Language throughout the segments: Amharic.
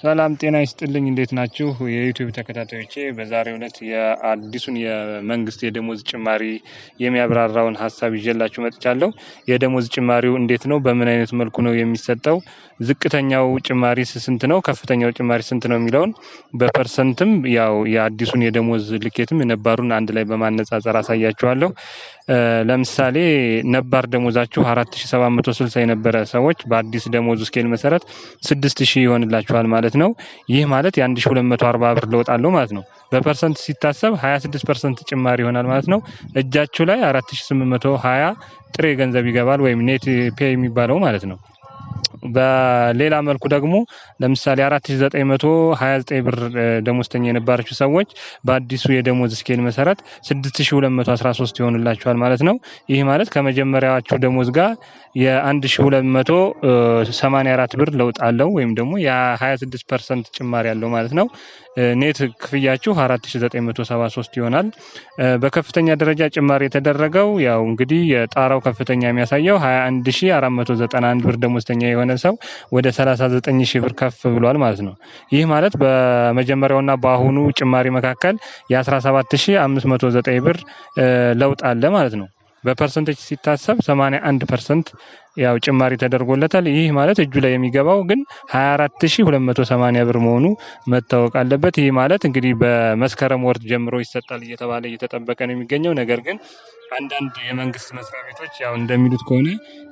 ሰላም ጤና ይስጥልኝ። እንዴት ናችሁ የዩቲዩብ ተከታታዮቼ? በዛሬው ዕለት የአዲሱን የመንግስት የደሞዝ ጭማሪ የሚያብራራውን ሀሳብ ይዤላችሁ መጥቻለሁ። የደሞዝ ጭማሪው እንዴት ነው? በምን አይነት መልኩ ነው የሚሰጠው? ዝቅተኛው ጭማሪ ስንት ነው? ከፍተኛው ጭማሪ ስንት ነው የሚለውን በፐርሰንትም ያው የአዲሱን የደሞዝ ልኬትም ነባሩን አንድ ላይ በማነጻጸር አሳያችኋለሁ። ለምሳሌ ነባር ደሞዛችሁ አራት የነበረ ሰዎች በአዲስ ደሞዝ ስኬል መሰረት 6000 ይሆንላችኋል ማለት ማለት ነው። ይህ ማለት የ1240 ብር ለውጥ አለው ማለት ነው። በፐርሰንት ሲታሰብ 26 ፐርሰንት ጭማሪ ይሆናል ማለት ነው። እጃችሁ ላይ 4820 ጥሬ ገንዘብ ይገባል ወይም ኔት ፔ የሚባለው ማለት ነው። በሌላ መልኩ ደግሞ ለምሳሌ 4929 ብር ደሞዝተኛ የነበራችሁ ሰዎች በአዲሱ የደሞዝ ስኬል መሰረት 6213 ይሆንላችኋል ማለት ነው። ይህ ማለት ከመጀመሪያችሁ ደሞዝ ጋር የ1284 ብር ለውጥ አለው ወይም ደግሞ የ26 ፐርሰንት ጭማሪ አለው ማለት ነው። ኔት ክፍያችሁ 4973 ይሆናል። በከፍተኛ ደረጃ ጭማሪ የተደረገው ያው እንግዲህ የጣራው ከፍተኛ የሚያሳየው 21491 ብር ደሞዝተኛ የሆነ ሰው ወደ 39 ሺህ ብር ከፍ ብሏል ማለት ነው። ይህ ማለት በመጀመሪያውና በአሁኑ ጭማሪ መካከል የ17509 ብር ለውጥ አለ ማለት ነው። በፐርሰንቴጅ ሲታሰብ 81 ፐርሰንት ያው ጭማሪ ተደርጎለታል። ይህ ማለት እጁ ላይ የሚገባው ግን 24280 ብር መሆኑ መታወቅ አለበት። ይህ ማለት እንግዲህ በመስከረም ወርት ጀምሮ ይሰጣል እየተባለ እየተጠበቀ ነው የሚገኘው ነገር ግን አንዳንድ የመንግስት መስሪያ ቤቶች ያው እንደሚሉት ከሆነ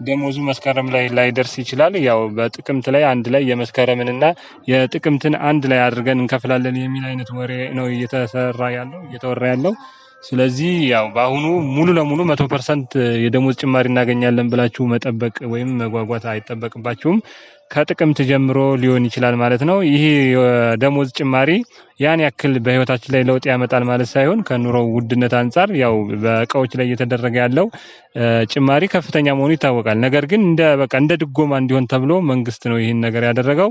ደሞዙ መስከረም ላይ ላይደርስ ይችላል። ያው በጥቅምት ላይ አንድ ላይ የመስከረምንና የጥቅምትን አንድ ላይ አድርገን እንከፍላለን የሚል አይነት ወሬ ነው እየተሰራ ያለው እየተወራ ያለው። ስለዚህ ያው በአሁኑ ሙሉ ለሙሉ መቶ ፐርሰንት የደሞዝ ጭማሪ እናገኛለን ብላችሁ መጠበቅ ወይም መጓጓት አይጠበቅባችሁም። ከጥቅምት ጀምሮ ሊሆን ይችላል ማለት ነው። ይህ ደሞዝ ጭማሪ ያን ያክል በህይወታችን ላይ ለውጥ ያመጣል ማለት ሳይሆን ከኑሮ ውድነት አንጻር ያው በእቃዎች ላይ እየተደረገ ያለው ጭማሪ ከፍተኛ መሆኑ ይታወቃል። ነገር ግን እንደ በቃ እንደ ድጎማ እንዲሆን ተብሎ መንግስት ነው ይህን ነገር ያደረገው።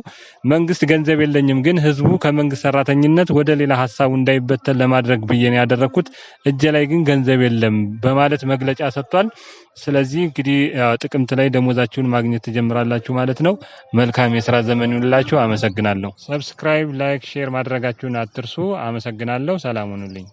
መንግስት ገንዘብ የለኝም ግን ህዝቡ ከመንግስት ሰራተኝነት ወደ ሌላ ሀሳቡ እንዳይበተን ለማድረግ ብዬ ነው ያደረግኩት፣ እጄ ላይ ግን ገንዘብ የለም በማለት መግለጫ ሰጥቷል። ስለዚህ እንግዲህ ጥቅምት ላይ ደሞዛችሁን ማግኘት ትጀምራላችሁ ማለት ነው። መልካም የስራ ዘመን ይሁንላችሁ። አመሰግናለሁ። ሰብስክራይብ፣ ላይክ፣ ሼር ማድረጋችሁን አትርሱ። አመሰግናለሁ። ሰላም ሁኑልኝ።